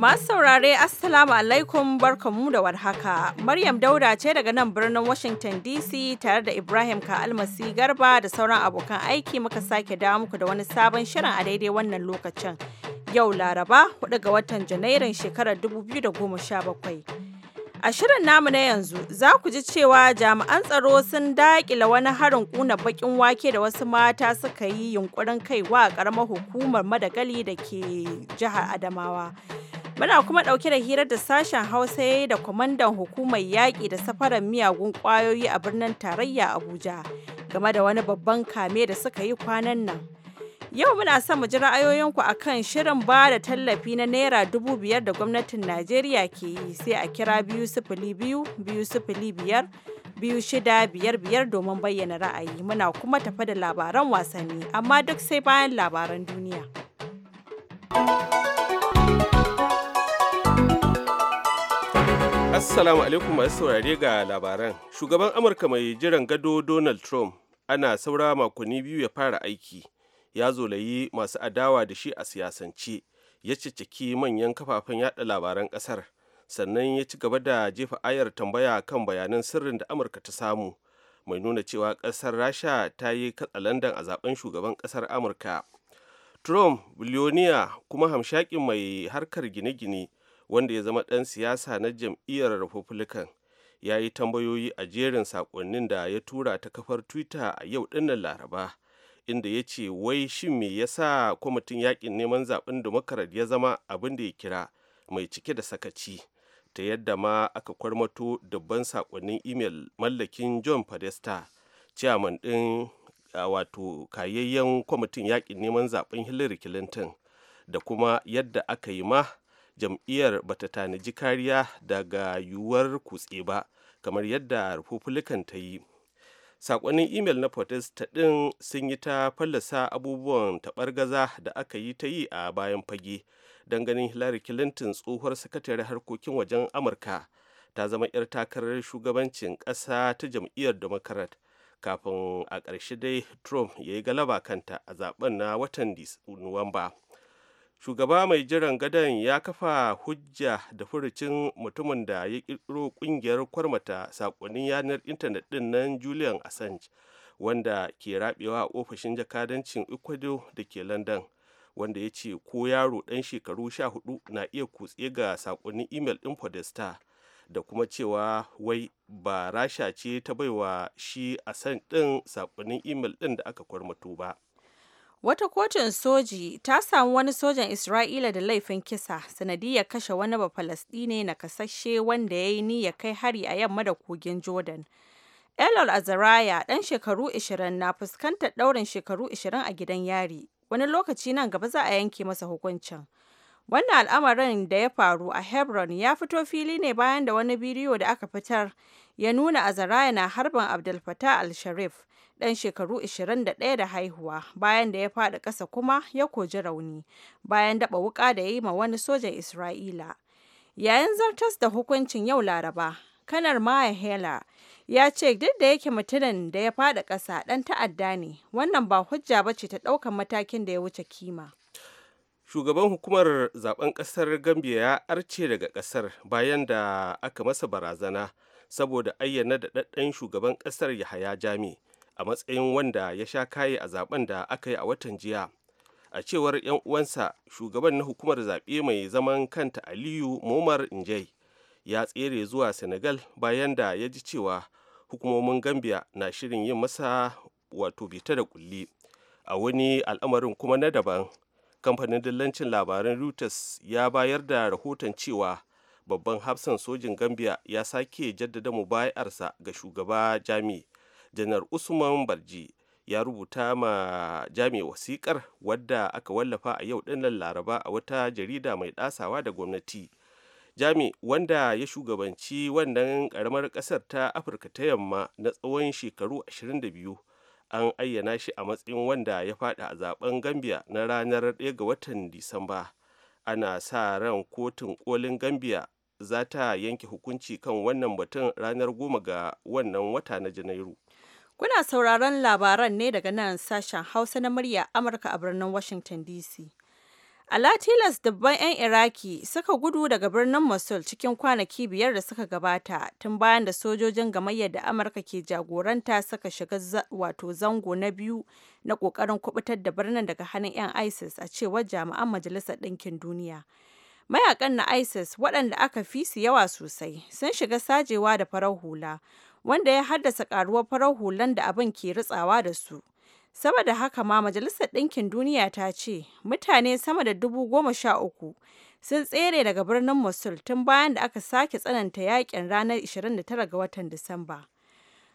Masu saurare Assalamu alaikum mu da warhaka. Maryam Dauda ce daga nan birnin Washington DC tare da Ibrahim Ka'almasi Garba da sauran abokan aiki muka sake dawo muku da wani sabon shirin a daidai wannan lokacin. Yau Laraba hudu ga watan Janairun shekarar 2017. A shirin namu na yanzu za ku ji cewa jami'an tsaro sun daƙila wani harin ƙuna baƙin wake da wasu mata suka yi yunƙurin kaiwa a ƙaramar hukumar madagali da ke jihar Adamawa. Muna kuma ɗauke da hirar da sashen Hausa ya yi da kwamandan hukumar yaƙi da safaran miyagun ƙwayoyi a birnin tarayya Abuja game da wani babban kame da suka yi kwanan nan. Yau muna son mu ji ra'ayoyinku a kan shirin ba da tallafi na Naira dubu biyar da gwamnatin Najeriya ke yi sai a kira biyu sifili biyu biyu sifili biyar biyu shida biyar biyar domin bayyana ra'ayi muna kuma tafa da labaran wasanni amma duk sai bayan labaran duniya. Assalamu alaikum masu saurare ga labaran. Shugaban Amurka mai jiran gado Donald Trump ana saura makonni biyu ya fara aiki. Ya zolayi masu adawa da shi a siyasance, ya cicciki manyan kafafen yada labaran kasar, sannan ya ci gaba da jefa ayar tambaya kan bayanan sirrin da Amurka ta samu, mai nuna cewa kasar Rasha ta yi katsalandan a zaben shugaban kasar Amurka. Trump, biliyoniya kuma hamshakin mai harkar gine-gine, wanda ya zama ɗan siyasa na jam'iyyar republican ya yi tambayoyi a jerin saƙonnin da ya tura ta kafar twitter a yau ɗinnan laraba inda ya ce wai shin me sa kwamitin yaƙin neman zaɓen demokarat ya zama abin da ya kira mai cike da sakaci ta yadda ma aka kwarmato dubban saƙonnin imel mallakin john podesta ciyaman ɗin wato kayayyen kwamitin yaƙin neman zaɓen hillary clinton da kuma yadda aka yi ma jam'iyyar ba ta tanaji kariya daga yiwuwar kutse ba kamar yadda republican ta yi sakonin imel na protesta ɗin sun yi ta fallasa abubuwan taɓargaza da aka yi ta yi a bayan fage don ganin hillary clinton tsohuwar sakatare harkokin wajen amurka ta zama 'yar takarar shugabancin ƙasa ta jam'iyyar democrat kafin a ƙarshe dai trump ya yi galaba kanta a zaben na watan nuwamba. shugaba mai jiran gadon ya kafa hujja da furucin mutumin da ya kirkiro kungiyar kwarmata saƙonnin yanar intanet din nan julian assange wanda ke rabewa a ofishin jakadancin ecuador da ke london wanda ya ce ko yaro ɗan shekaru sha hudu na iya kutse ga saƙonnin imel ɗin podesta da kuma cewa wai ba rasha ce ta baiwa shi assange ɗin saƙonnin imel ɗin da aka kwarmato ba Wata kotun soji ta samu wani sojan Isra'ila da laifin kisa sanadiyar kashe wani Bafalasɗine na kasashe wanda ya yi niyyar kai hari a yamma da kogin Jordan. Elol Azaraya ɗan shekaru 20 na fuskantar ɗaurin shekaru 20 a gidan yari. Wani lokaci nan gaba za a yanke masa hukuncin. Wannan al'amarin da ya faru a Hebron ya fito fili ne bayan da wani bidiyo da aka fitar ya nuna Azaraya na harbin Abdul Fattah al-Sharif. ɗan shekaru 21 da haihuwa bayan da ya faɗi ƙasa kuma ya koji rauni bayan daɓa wuƙa da ya yi ma wani sojan Isra'ila. Yayin zartas da hukuncin yau Laraba, kanar Maya Hela ya ce duk da yake mutumin da ya faɗi ƙasa ɗan ta'adda ne, wannan ba hujja ba ce ta ɗaukar matakin da ya wuce kima. shugaban hukumar zaben kasar gambia ya arce daga kasar bayan da aka masa barazana saboda ayyana da ɗaɗɗen shugaban kasar yahaya jami a matsayin wanda ya sha kaye a zaben da aka yi a watan jiya a cewar 'yan uwansa shugaban na hukumar zaɓe mai zaman kanta aliyu momar njai ya tsere zuwa senegal bayan da ya ji cewa hukumomin gambia na shirin yin masa wato bita da kulli a wani al'amarin kuma na daban kamfanin dillancin labaran reuters ya bayar da rahoton cewa babban hafsan sojin gambia ya sake jaddada mubayarsa ga shugaba jami'i. janar usman barji ya rubuta ma jami wasikar wadda aka wallafa a yau dinnan laraba a wata jarida mai dasawa da gwamnati jami wanda ya shugabanci wannan karamar kasar ta afirka ta yamma na tsawon shekaru 22 an ayyana shi a matsayin wanda ya fada a zaben gambia na ranar 1 ga watan disamba ana sa ran kotun kolin gambia za ta yanke hukunci kan wannan batun ranar 10 ga wannan wata na janairu Kuna sauraron labaran ne daga nan sashen Hausa na murya Amurka a birnin Washington DC. A Latilas dubban 'yan Iraki suka gudu daga birnin Mosul cikin kwanaki biyar da suka gabata tun bayan da sojojin gamayyar da Amurka ke jagoranta suka shiga wato zango na biyu na kokarin kubutar da birnin daga hannun 'yan ISIS a cewar jami'an Majalisar Ɗinkin Duniya. Mayakan na ISIS waɗanda aka fi su yawa sosai sun shiga sajewa da farar hula. wanda ya haddasa karuwar farar hulan da abin ke ritsawa da su. Saboda haka ma Majalisar Ɗinkin Duniya ta ce mutane sama da dubu goma sha uku sun tsere daga birnin Mosul tun bayan da aka sake tsananta yakin ranar 29 ga watan Disamba.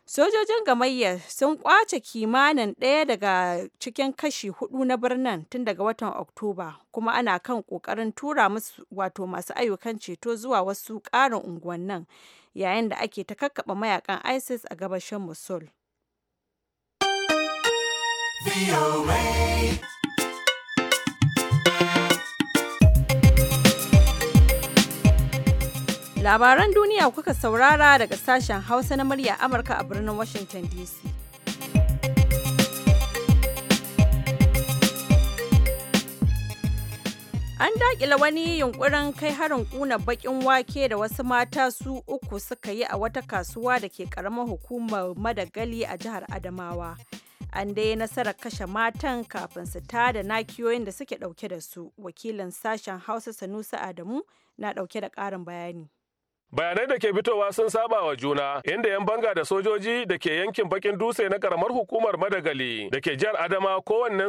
Sojojin gamayya sun kwace kimanin ɗaya daga cikin kashi hudu na birnin tun daga watan Oktoba, kuma ana kan ƙoƙarin tura musu wato masu ayyukan ceto zuwa wasu ƙarin unguwannin yayin da ake ta kakkaɓa mayakan isis a gabashin mosul labaran duniya kuka saurara daga sashen hausa na murya amurka a birnin washington dc An dakila wani yunkurin kai harin kuna bakin wake da wasu mata su uku suka yi a wata kasuwa da ke ƙaramar hukumar madagali a jihar Adamawa. An dai nasarar kashe matan kafin su tada nakiyoyin da suke ɗauke da su. Wakilin sashen Hausa Sanusi Adamu na ɗauke da ƙarin bayani. bayanai da ke fitowa sun saba wa juna inda yan banga da sojoji da ke yankin bakin dutse na karamar hukumar madagali da ke jihar adama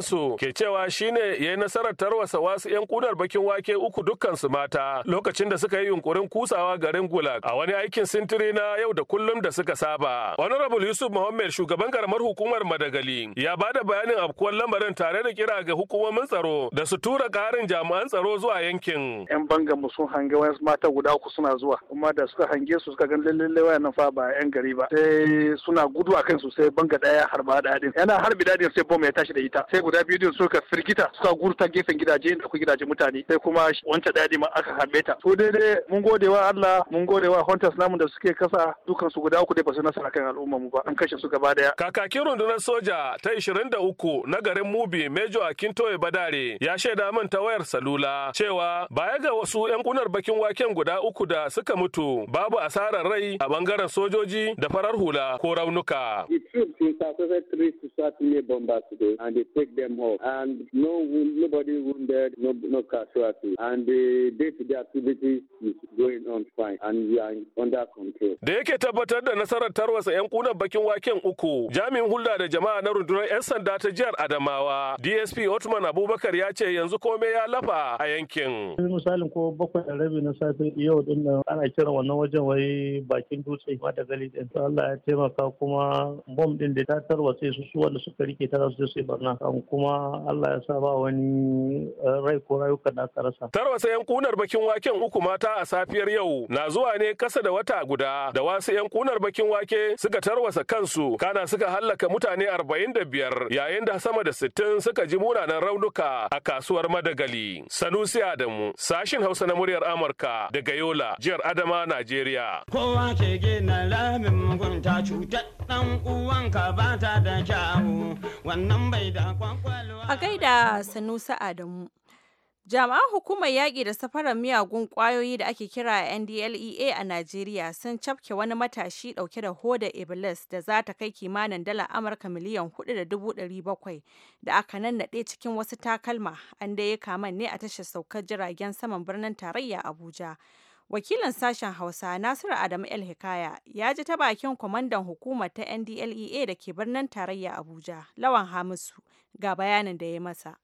su ke cewa shine ya yi nasarar tarwasa wasu yan kunar bakin wake uku dukkan su mata lokacin da suka yi yunkurin kusawa garin gulag a wani aikin sintiri na yau da kullum da suka saba honorable yusuf muhammad shugaban karamar hukumar madagali ya ba da bayanin afkuwar lamarin tare da kira ga hukumomin tsaro da su tura karin jami'an tsaro zuwa yankin yan banga mu sun hangi mata guda uku suna zuwa kuma da suka hange su suka gan lalle wayannan fa ba yan gari ba sai suna gudu a kansu sai banga daya harba dadin yana harbi dadin sai bom ya tashi da ita sai guda biyu din suka firgita suka gurta gefen gidaje inda ku gidaje mutane sai kuma wancan dadi ma aka harbe ta to daidai mun gode wa Allah mun gode wa hunters namu da suke kasa dukan su guda uku dai ba su nasara kan al'umma mu ba an kashe su gaba daya kakakin rundunar soja ta 23 na garin Mubi Major Akintoye Badare ya shaida min ta wayar salula cewa baya ga wasu yan kunar bakin waken guda uku da suka mutu mutu babu asarar rai a bangaren sojoji da farar hula ko raunuka. Da yake tabbatar da nasarar tarwasa 'yan kunan bakin waken uku, jami'in hulɗa da jama'a na rundunar 'yan sanda ta jihar Adamawa, DSP Otman Abubakar ya ce yanzu komai ya lafa a yankin. Misalin ko bakwai da rabi na safe yau din nan ana irin wannan wajen wai bakin dutse ma da gali din to Allah ya taimaka kuma bom din da ta tarwatse su su wanda suka rike ta su sai barna kan kuma Allah ya sa ba wani eh, rai ko rayuka da aka rasa tarwatsa yan kunar bakin waken uku mata a safiyar yau na zuwa ne kasa da wata guda da wasu yan kunar bakin wake suka tarwasa kansu kana suka hallaka mutane 45 yayin da sama da 60 suka ji munanan raunuka a kasuwar Madagali Sanusi Adamu sashin Hausa na muryar Amurka daga Yola jihar Adama kuma Najeriya. Kowa ke gina lamin mugunta cutar ɗan ka ba ta da kyawu wannan bai da kwakwalwa. A gaida Sanusi Adamu. Jami'an hukumar yaƙi da safarar miyagun ƙwayoyi da ake kira NDLEA a Najeriya sun cafke wani matashi ɗauke da hoda Iblis da za ta kai kimanin dala Amurka miliyan 4.700 da aka nannaɗe cikin wasu takalma an da ya kaman ne a tashar saukar jiragen saman birnin tarayya Abuja. Wakilin sashen Hausa Nasiru Adamu El Hikaya ya ji ta bakin kwamandan hukumar ta NDLEA da ke birnin tarayya Abuja, Lawan Hamisu, ga bayanin da ya masa.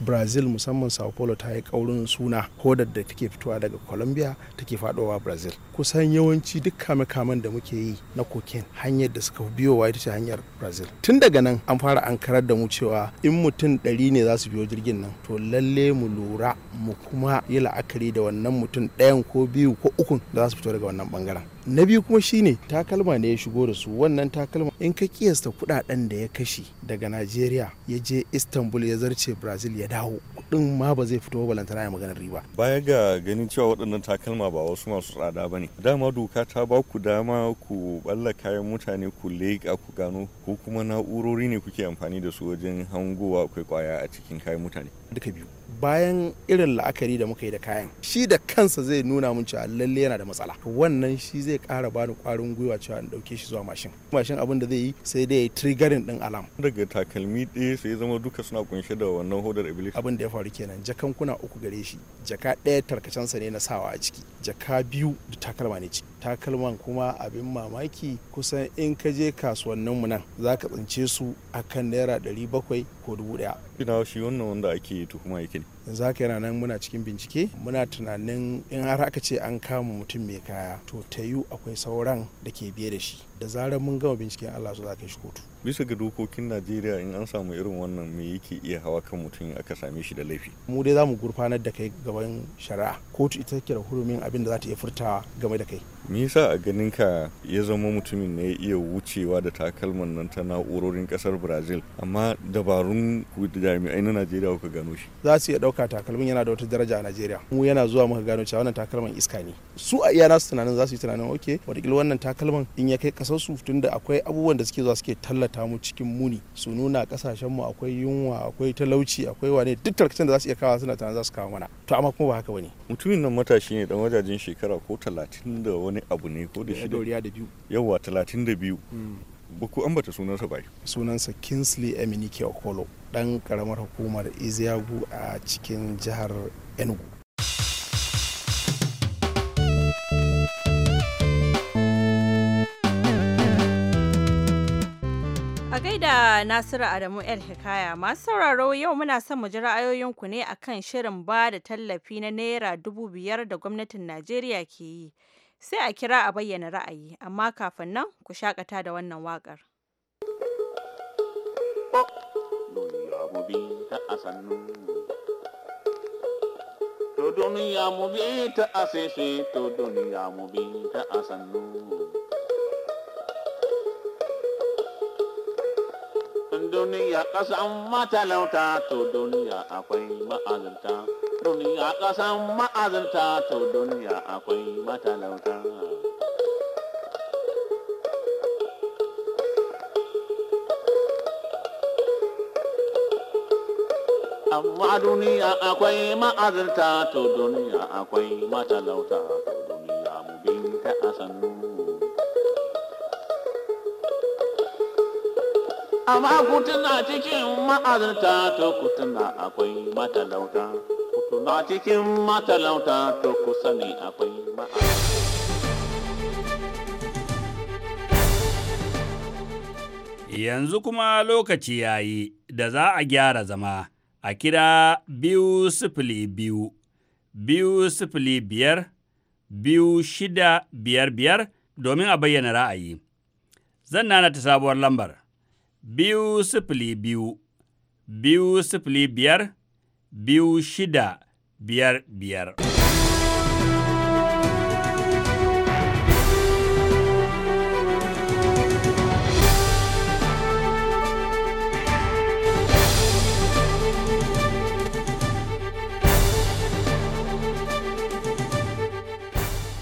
brazil musamman sao paulo ta yi kaurin suna hodar da take fitowa daga colombia take fadowa brazil kusan yawanci duk kame da muke yi na cocaine hanyar da suka biyowa ita ce hanyar brazil tun daga nan an fara ankarar da mu cewa in mutum ɗari ne za su biyo jirgin nan to lalle mu lura mu kuma yi la'akari da wannan mutum ɗayan ko biyu ko ukun da za su fito daga wannan bangaren na biyu kuma shine takalma ne ya shigo da su wannan takalma in ka kiyasta kudaden da ya kashe daga najeriya ya je istanbul ya zarce brazil ya dawo kudin ma ba zai fito lantana ya magana riba baya ga ganin cewa waɗannan takalma ba wasu masu tsada ba ne dama doka ta ba ku dama ku balla kayan mutane ku leƙa ku gano ko kuma na'urori ne kuke amfani da su wajen hangowa akwai kwaya a cikin kayan mutane duka biyu bayan irin la'akari da muka yi da kayan shi da kansa zai nuna mun cewa lalle yana da matsala wannan shi zai kara bani kwarin gwiwa cewa in dauke shi zuwa mashin mashin abin da zai yi sai dai ya triggering din alam daga takalmi ɗaya sai zama duka suna kunshe da wannan hodar iblis abin da ya faru kenan jakan kuna uku gare shi jaka ɗaya tarkacensa ne na sawa a ciki jaka biyu da takalma ne ciki takalman kuma abin mamaki kusan in ka je kasuwannin mu nan zaka tsince su akan naira 700 ko 1000 shi shi wannan wanda ake tuhuma yake ne yanzu haka yana nan muna cikin bincike muna tunanin in har aka ce an kama mutum mai kaya to ta yiwu akwai sauran da ke biye da shi da zarar mun gama binciken allah su za ka shi kotu bisa ga dokokin najeriya in an samu irin wannan me yake iya hawa kan mutum aka same shi da laifi mu dai za mu gurfanar da kai gaban shari'a kotu ita take da hurumin abin da za ta iya furtawa game da kai me yasa a ganin ka ya zama mutumin ne ya iya wucewa da takalman nan ta na'urorin kasar brazil amma dabarun jami'ai na najeriya kuka gano shi za su iya ɗauka takalmin yana da wata daraja a Najeriya mu yana zuwa muka gano cewa wannan takalman iska ne su a iya su tunanin za su yi tunanin ok wataƙila wannan takalman in ya kai ƙasar su tunda akwai abubuwan da suke zuwa suke tallata mu cikin muni su nuna ƙasashen mu akwai yunwa akwai talauci akwai wane duk tarkacin da za su iya kawo suna tunanin za su kawo mana to amma kuma ba haka bane mutumin nan matashi ne dan wajajen shekara ko talatin da wani abu ne ko da shi shida yawa talatin da biyu mm. ba ku ambata sunansa ba sunansa kinsley eminike okolo dan karamar hukumar iziyagu a cikin jihar enugu a gaida nasiru adamu el hikaya masu sauraro yau muna son mu ji ra'ayoyinku ne akan shirin ba da tallafi na naira dubu biyar da gwamnatin najeriya ke yi sai a kira a bayyana ra'ayi amma kafin nan ku shakata da wannan waƙar. To duniya mu bi ta aseshe, to duniya mu bi ta asannu. duniya kasan matalauta to duniya akwai ma'azinta duniya kasan ma'azinta to duniya akwai matalauta amma duniya akwai ma'azinta to duniya akwai matalauta to duniya mu binta a sannu amma ku tuna cikin ma'azinta to kutuna akwai matalauta ku tuna cikin matalauta to kusa ne akwai ma'azinta yanzu kuma lokaci ya yi da za a gyara zama a kira biyu sifili biyu, biyu sifili biyar, biyu shida biyar biyar domin a bayyana ra'ayi. Zan nana ta sabuwar lambar biyu sifili biyu, biyu sifili biyar, biyu shida biyar biyar.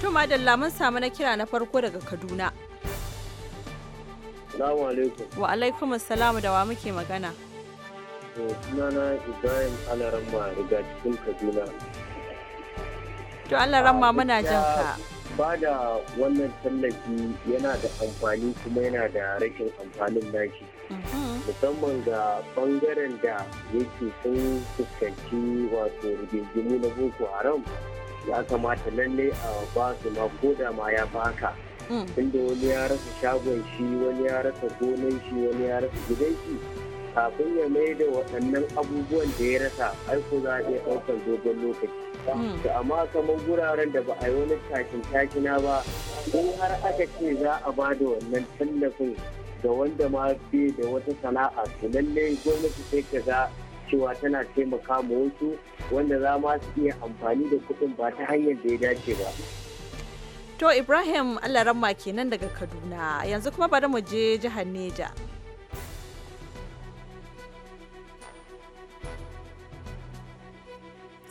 Tuma da lamun samu na kira na farko daga Kaduna. Salamu Wa alaikum assalamu da wa muke magana. To sunana Ibrahim Alaramma daga cikin Kaduna. To Alaramma muna jan ka. Ba da wannan tallafi yana da amfani kuma yana da rashin amfanin nashi. Mm-hmm. Musamman ga bangaren da yake sun fuskanci wato rigingimu na Boko Haram ya kamata lallai a ba su ma ko da ma ya baka. inda wani ya rasa shagon shi wani ya rasa gonan shi wani ya rasa gidan shi kafin ya mai da waɗannan abubuwan da ya rasa aiko za a iya ɗaukar dogon lokaci da hmm. amma kamar guraren da ba a yi wani takin takina ba in har aka ce za a ba da wannan tallafin ga wanda ma bai da wata sana'a to lallai gwamnati sai ka za cewa tana taimaka ma wasu wanda za ma su iya amfani da kuɗin ba ta hanyar da ya dace ba To Ibrahim Allaramma kenan daga Kaduna yanzu kuma bari mu je jihar Neja.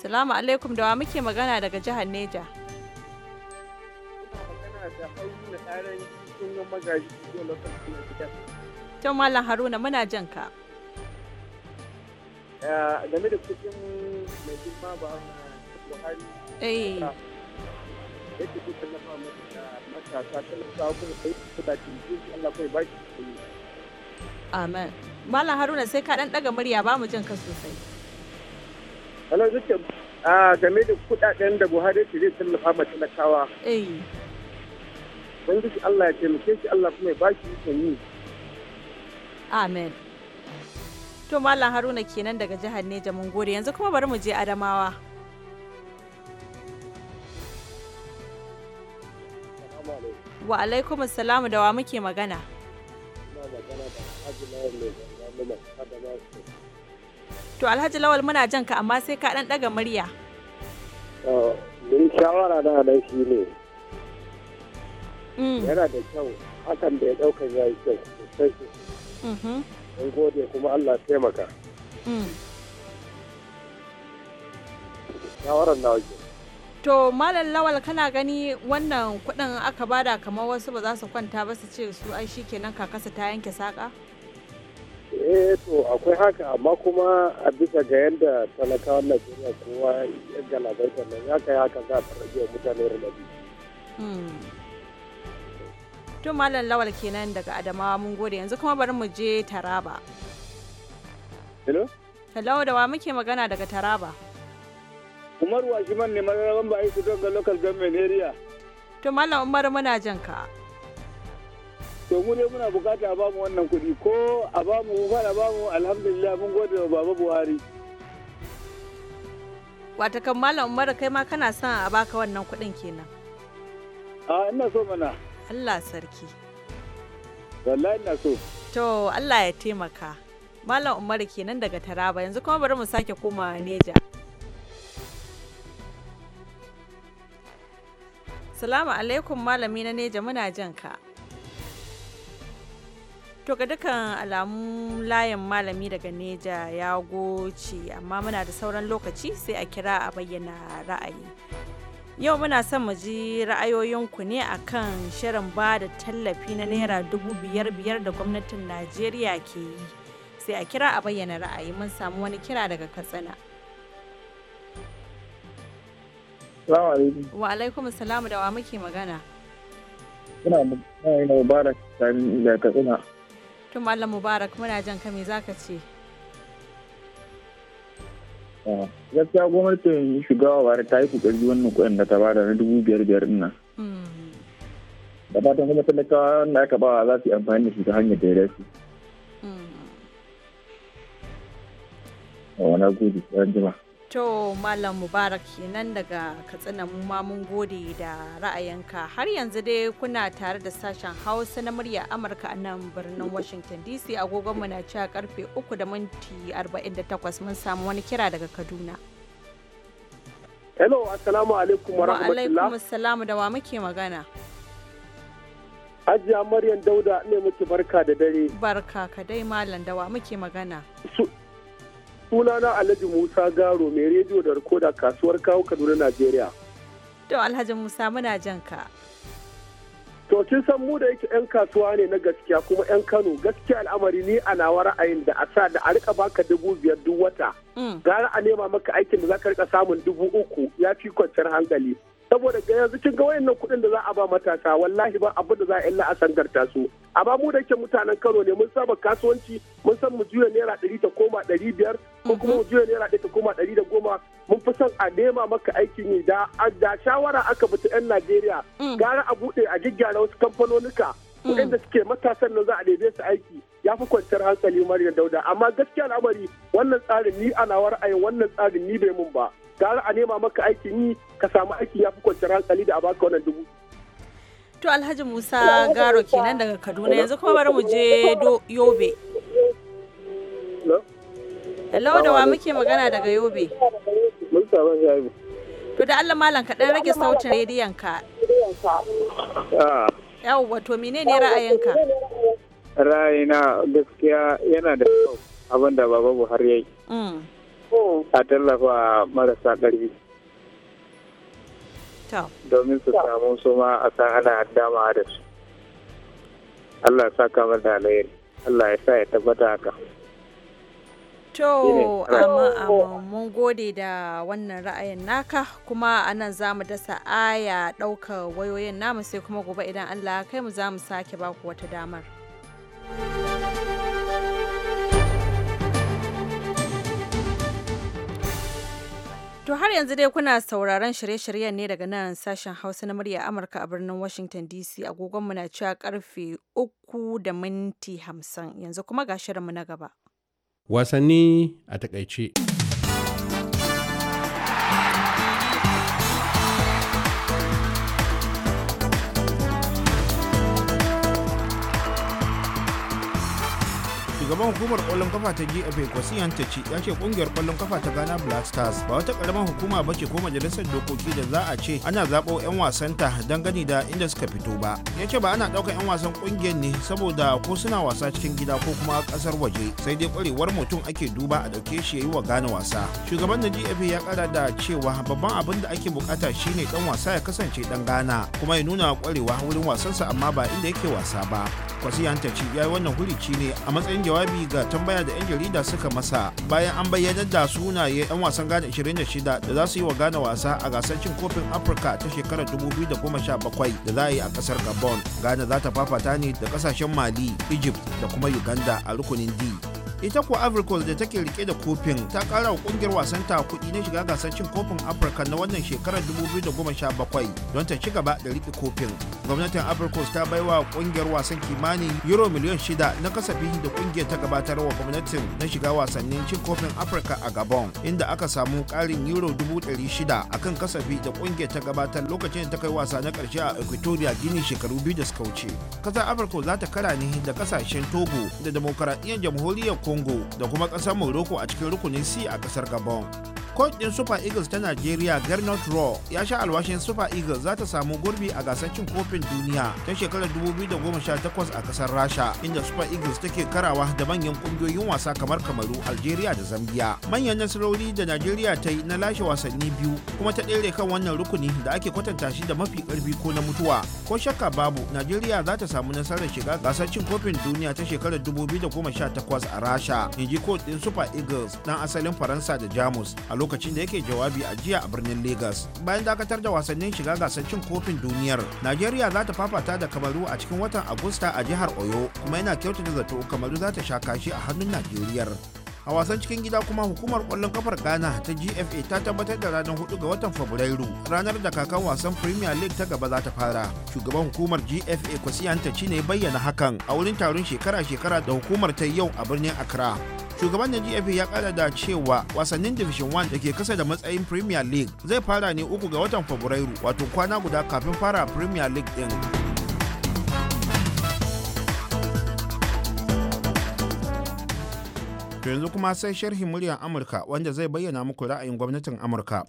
Salamu alaikum da wa muke magana daga jihar Neja. Can Malam Haruna muna jan ka. Eh, game da kudin mai girma ba Buhari. Eh. yadda zai tallafa matasa tallafa kuma sai su da cikin Allah kai ba shi Amen. Malam Haruna sai ka dan daga murya ba mu jin ka sosai. Hello zuke a ah, game da kudaden da Buhari ke zai tallafa ma talakawa. Eh. Ubangiji Allah ya taimake shi Allah kuma ya ba shi ikon yi. Amen. To Malam Haruna kenan daga jihar Neja mun gode yanzu kuma bari mu je Adamawa. Wa alaikum assalamu da wa muke magana. To Alhaji Lawal muna jan ka amma sai ka dan daga murya. Ah, mun shawara da nan shi ne. Mm. Yana da kyau hakan da ya dauka ya yi kyau sosai. Mm-hmm. Mun gode kuma Allah taimaka. Mm. Shawarar na wajen. to malam lawal kana gani wannan kudin aka bada kamar wasu ba za su kwanta ba su ce su ai shi shikenan kakasa ta yanke saka eh to akwai haka amma kuma a bisa ga yadda talakawan najeriya kowa ya galabaita nan ya kai haka za ta rage mutane rabi hmm. to malam lawal kenan daga adamawa mun gode yanzu kuma bari mu je taraba hello hello da wa muke magana daga taraba Umar Washiman ne mararaban yi ku ga local government area. To Malam Umar muna jan ka. To mu dai muna bukata a bamu wannan kuɗi ko a bamu ko a bamu alhamdulillah mun gode wa Baba Buhari. Wata kan Malam Umar kai ma kana son a baka wannan kuɗin kenan. A ina so mana. Allah sarki. Wallahi ina so. To Allah ya taimaka. Malam Umar kenan daga Taraba yanzu kuma bari mu sake koma Neja. Salamu alaikum malami na neja muna jan ka. To ga dukan alamun layin malami daga neja ya goce amma muna da sauran lokaci sai a kira a bayyana ra'ayi. Yau muna son mu ji ra'ayoyinku ne akan shirin ba da tallafi na naira dubu biyar biyar da gwamnatin Najeriya ke yi. Sai a kira a bayyana ra'ayi mun samu wani kira daga Katsina. Assalamu alaikum. Wa alaikum da wa muke magana. ina magana da Mubarak Sani da Katsina. Tun Malam Mubarak muna jan ka me zaka ce? Ah, gaskiya gwamnatin shugaba bare ta yi kokari wannan kuɗin da ta bada na dubu biyar biyar ɗin nan. Hmm. Da fatan kuma talakawa da aka ba za su yi amfani da shi ta hanyar da ya dace. Wa hmm. oh, na gode, ya jima. To Malam Mubarak kenan daga Katsina mu ma mun gode da ra'ayinka. Har yanzu dai kuna tare da sashen Hausa na murya Amurka a nan birnin Washington DC agogonmu na cewa karfe 3 da minti 48 mun samu wani kira daga Kaduna. Hello, assalamu alaikum wa rahmatullah. Wa assalamu da wa muke magana. Hajiya Maryam Dauda ne muke barka da dare. Barka ka dai Malam da wa muke magana. sunana Alhaji Musa Garo mai rediyo da rikoda kasuwar kawo Kaduna Najeriya. To Alhaji Musa muna jan ka. To kin san mu da yake 'yan kasuwa ne na gaskiya kuma 'yan Kano gaskiya al'amari ni a nawa ra'ayin da a sa da a rika baka dubu biyar duk wata. Mm. Gara a nema maka aikin da za ka rika samun dubu uku ya fi kwanciyar hankali. saboda ga yanzu kin ga wayannan kuɗin da za a ba matasa wallahi ba abin da za a illa a sangarta su amma mu da ke mutanen Kano ne mun saba kasuwanci mun san mu juya naira ɗari ta koma 500 biyar ko kuma mu juya naira ɗari ta koma ɗari da goma mun fi son a nema maka aiki ne da da shawara aka bi ta 'yan Najeriya mm. gara a bude a gyaggyara wasu kamfanonika mm. da suke matasan nan za a ɗebe su aiki ya fi kwanciyar hankali Maryam Dauda amma gaskiya al'amari wannan tsarin ni a nawar ra'ayin wannan tsarin ni bai mun ba gara a nema maka aikin yi ka samu aiki ya fi kwanciyar hankali da a baka wannan dubu to alhaji musa garo kenan daga kaduna yanzu kuma bari mu je yobe Hello da wa muke magana daga yobe Mustapha Shaibu. To da Allah malam ka dan rage sautin rediyon ka. Ah. Yawwa to menene ra'ayinka? Ra'ayina gaskiya yana da kyau abinda Baba Buhari yayi. Mm. a tallafa marasa ƙarfi domin su samu su ma a san ana dama da su Allah sa ka mata alheri Allah ya sa ya tabbata haka To, amma mun gode da wannan ra'ayin naka kuma a nan za mu dasa aya ɗaukar wayoyin namu sai kuma gobe idan Allah kai mu za mu sake baku wata damar. To har yanzu dai kuna sauraron shirye-shiryen ne daga nan sashen Hausa na murya Amurka a birnin Washington DC agogonmu na cewa karfe uku da minti hamsin yanzu kuma ga shirinmu na gaba. Wasanni a takaice. shugaban hukumar kwallon kafa ta gfa kwasi ya ce kungiyar kwallon kafa ta ghana black stars ba wata karamar hukuma ba ce ko majalisar dokoki da za a ce ana zaɓo 'yan wasan ta don gani da inda suka fito ba ya ce ba ana daukar 'yan wasan kungiyar ne saboda ko suna wasa cikin gida ko kuma kasar waje sai dai kwarewar mutum ake duba a dauke shi ya yi wa ghana wasa shugaban na gfa ya kara da cewa babban abin da ake bukata shine dan wasa ya kasance dan ghana kuma ya nuna kwarewa wurin wasansa amma ba inda yake wasa ba kwasi ya yi wannan hulici ne a matsayin jawabi jawabi ga tambaya da 'yan jarida suka masa bayan an bayyana da sunaye 'yan wasan Ghana 26 da za su yi wa Ghana wasa a gasar cin kofin Afirka ta shekarar 2017 da za a yi a kasar Gabon. Ghana za ta fafata ne da kasashen Mali, Egypt da kuma Uganda a rukunin D. ita kuwa africa da take rike da kofin ta kara wa kungiyar wasan ta kuɗi na shiga gasar cin kofin afirka na wannan shekarar 2017 don ta ci gaba da rike kofin gwamnatin africa ta baiwa kungiyar wasan kimanin euro miliyan shida na kasafi da kungiyar ta gabatar wa gwamnatin na shiga wasannin cin kofin afirka a gabon inda aka samu karin euro 600 kan kasafi da kungiyar ta gabatar lokacin da ta kai wasa na karshe a equatoria gini shekaru biyu da suka wuce kasar afirka za ta kara ne da kasashen togo da demokaradiyyar jamhuriyar congo da kuma ƙasar morocco a cikin rukunin c a ƙasar gabon coach din super eagles ta nigeria gernot raw ya sha alwashin super eagles za ta samu gurbi a gasar cin kofin duniya ta shekarar 2018 a kasar rasha inda super eagles take karawa da manyan kungiyoyin wasa kamar kamaru algeria da zambia manyan nasarori da nigeria ta yi na lashe wasanni biyu kuma ta ɗere kan wannan rukuni da ake kwatanta shi da mafi ƙarfi ko na mutuwa ko shakka babu nigeria za ta samu nasarar shiga gasar cin kofin duniya ta shekarar 2018 a rasha inji coach din super eagles dan asalin faransa da jamus lokacin da yake jawabi a jiya a birnin Legas. Bayan dakatar da wasannin shiga gasar cin kofin duniyar, Najeriya za ta fafata da Kamaru a cikin watan Agusta a jihar Oyo kuma yana kyautata zato Kamaru za ta sha kashi a hannun Najeriyar. a wasan cikin gida kuma hukumar kwallon kafar ghana ta gfa ta tabbatar da ranar hudu ga watan fabrairu ranar da kakan wasan premier league ta gaba za ta fara shugaban hukumar gfa kwasiyanta ci ne bayyana hakan a wurin taron shekara-shekara da hukumar ta yau a birnin accra shugaban da gfa ya kara da cewa wasannin division 1 da ke kasa da matsayin premier league zai fara ne uku ga watan fabrairu wato kwana guda kafin fara premier league din yanzu kuma sai sharhi muryar Amurka wanda zai bayyana muku ra'ayin gwamnatin Amurka.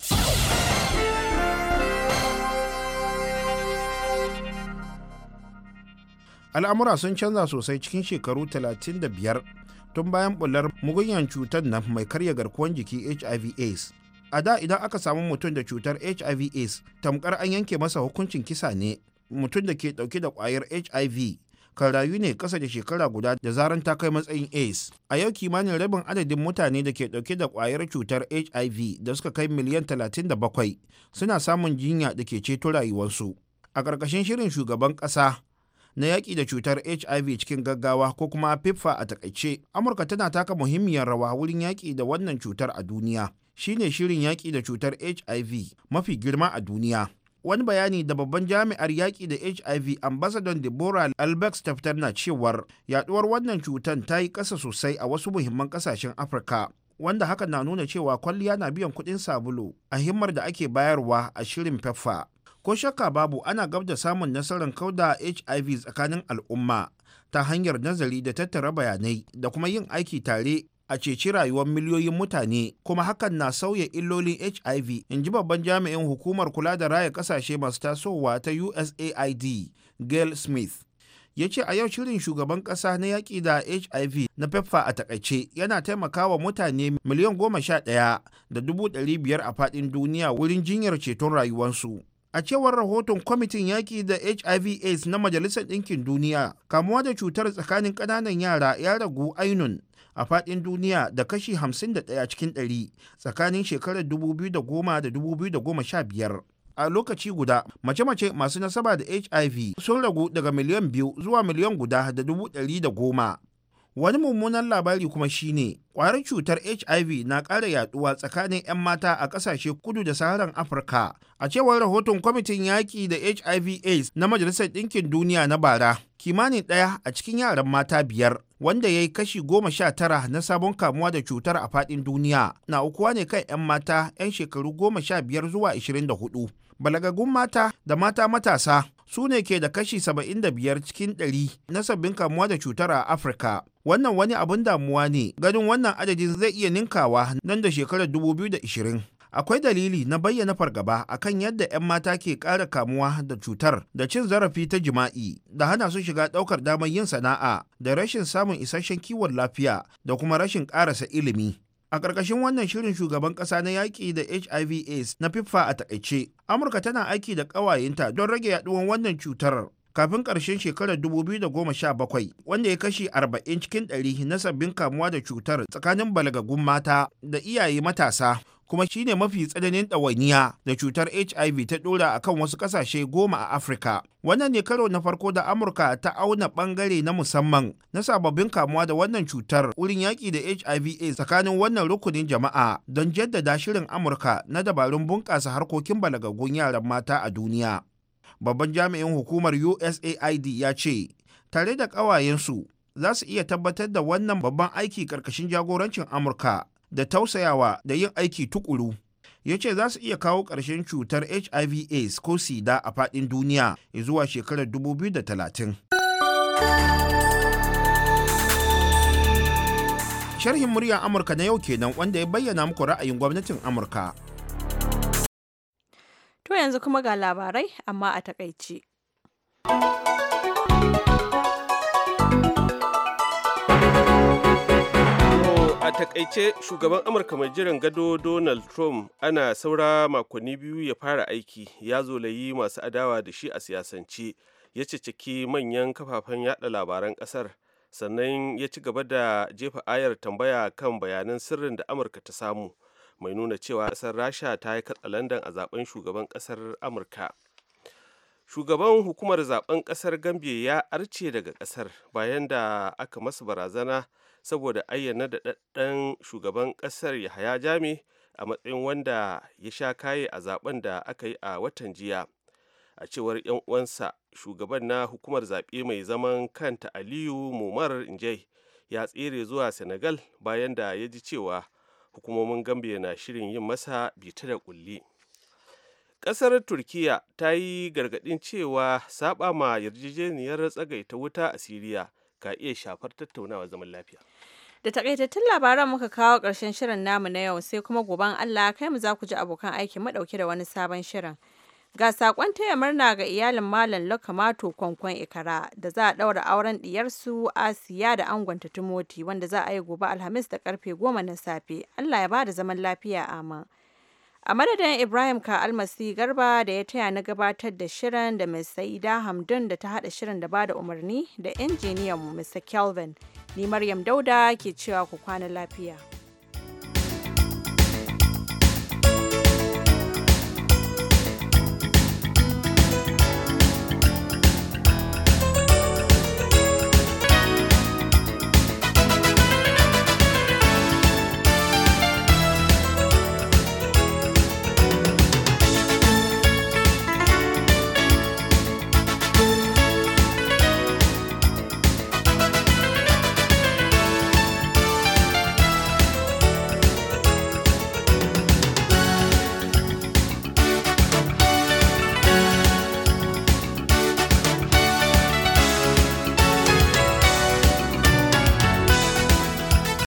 Al'amura sun canza sosai cikin shekaru 35 tun bayan bular mugunyan cutar nan mai karya garkuwar jiki HIV AIDS. A da idan aka samu mutum da cutar HIV AIDS tamkar an yanke masa hukuncin kisa ne mutum da ke dauke da kwayar HIV kan rayu ne ƙasa da shekara guda da zaran ta kai matsayin AIDS. A yau kimanin rabin adadin mutane da ke dauke da kwayar cutar HIV da suka kai miliyan 37 suna samun jinya da ke ceto rayuwarsu. A ƙarƙashin shirin shugaban ƙasa na yaƙi da cutar HIV cikin gaggawa ko kuma fifa a takaice, Amurka tana taka muhimmiyar rawa wurin yaƙi da wannan cutar a duniya. shi ne shirin yaƙi da cutar HIV mafi girma a duniya. wani bayani da babban jami'ar yaƙi da hiv ambassador deborah albex taftar na cewar yaduwar wannan cutar ta yi ƙasa sosai a wasu muhimman ƙasashen afirka wanda haka na nuna cewa kwalliya na biyan kuɗin sabulu a himmar da ake bayarwa a shirin feffa ko shakka babu ana gab da samun nasarar kauda hiv tsakanin al'umma ta hanyar nazari da tattara bayanai da kuma yin aiki tare a ceci rayuwar miliyoyin mutane kuma hakan na sauya illolin hiv in ji babban jami'in hukumar kula da raya kasashe masu tasowa ta usaid gail smith ya ce a yau shirin shugaban kasa na yaƙi da hiv na pepfa a takaice yana taimakawa mutane miliyan goma sha ɗaya da dubu ɗari biyar a faɗin duniya wurin jinyar ceton rayuwarsu a cewar rahoton kwamitin yaƙi da hiv aids na majalisar ɗinkin duniya kamuwa da cutar tsakanin ƙananan yara ya ragu ainun a faɗin duniya da kashi 51 cikin 100 tsakanin shekarar 2010 da 2015. a lokaci guda mace-mace masu nasaba da hiv sun ragu daga miliyan biyu zuwa miliyan guda da dubu ɗari da goma wani mummunan labari kuma shine kwayar cutar hiv na ƙara yaduwa tsakanin 'yan mata a ƙasashe kudu da saharan afirka a cewar rahoton kwamitin yaƙi da hiv aids na majalisar ɗinkin duniya na bara kimanin ɗaya a cikin yaran mata biyar wanda ya yi kashi goma sha tara na sabon kamuwa da cutar a faɗin duniya na ukuwa ne kan 'yan mata 'yan shekaru goma sha biyar zuwa 24, balagagun mata da mata matasa su ne ke da kashi 75 cikin 100 na sabbin kamuwa da cutar a Afirka. Wannan wani abin damuwa ne ganin wannan adadin zai iya ninkawa nan da shekarar 2020. Akwai dalili na bayyana fargaba akan yadda 'yan mata ke ƙara kamuwa da cutar da cin zarafi ta jima'i da hana su shiga ɗaukar damar yin sana'a da rashin samun isasshen kiwon lafiya da kuma rashin ƙarasa ilimi. A ƙarƙashin wannan shirin shugaban ƙasa na yaƙi da HIV AIDS na FIFA a taƙaice, Amurka tana aiki da ƙawayenta don rage yaɗuwar wannan cutar. kafin ƙarshen shekarar 2017 wanda ya kashe 40 cikin 100 na sabbin kamuwa da cutar tsakanin balagagun mata da iyaye matasa kuma shine mafi tsananin ɗawainiya da cutar HIV ta ɗora a kan wasu ƙasashe goma a Afirka. Wannan ne karo na farko da Amurka ta auna ɓangare na musamman na sababbin kamuwa da wannan cutar wurin yaƙi da HIV AIDS tsakanin wannan rukunin jama'a don jaddada shirin Amurka na dabarun bunƙasa harkokin balagagun yaran mata a duniya. babban jami'in hukumar usaid ya ce tare da ƙawayensu za su iya tabbatar da wannan babban aiki ƙarƙashin jagorancin amurka da tausayawa da yin aiki tukuru ya ce za su iya kawo ƙarshen cutar hiv aids ko sida a faɗin duniya zuwa shekarar 2030 sharhin muryar amurka na yau kenan wanda ya bayyana muku ra'ayin gwamnatin amurka To yanzu kuma ga labarai amma a takaice. a takaice shugaban amurka mai jiran gado donald trump ana saura makonni biyu ya fara aiki ya zolayi masu adawa da shi a siyasance ya ciki manyan kafafen yada labaran kasar sannan ya ci gaba da jefa ayar tambaya kan bayanan sirrin da amurka ta samu mai nuna cewa ƙasar rasha ta yi katsalandan a zaben shugaban ƙasar amurka shugaban hukumar zaben ƙasar gambia ya arce daga ƙasar bayan da aka masa barazana saboda ayyana da ɗaɗɗan shugaban ƙasar yahaya jami a matsayin wanda ya sha kaye a zaben da aka yi a watan jiya a cewar 'yan uwansa shugaban na hukumar zaɓe mai zaman kanta aliyu mumar njai ya tsere zuwa senegal bayan da ya ji cewa hukumomin gambia na shirin yin masa bita da kulli kasar turkiya ta yi gargadin cewa saba ma yarjejeniyar tsagaita wuta a siriya ka iya shafar tattaunawa zaman lafiya da takaitattun labaran muka kawo ƙarshen shirin namu na yau sai kuma goban allah kai mu za ku ji abokan aiki madauke da wani sabon shirin Ga sakon taya murna ga iyalin Malam Lokamato Kwankwan Ikara da za a daura auren diyarsu Asiya da angonta Timoti wanda za a yi gobe Alhamis da karfe 10 na safe. Allah ya ba da zaman lafiya amin. A madadin Ibrahim Ka Almasi Garba da ya taya na gabatar da shirin da Ms. Saida Hamdun da ta haɗa shirin da ba da umarni da injiniyan Mr. Kelvin. Ni Maryam Dauda ke cewa ku kwana lafiya.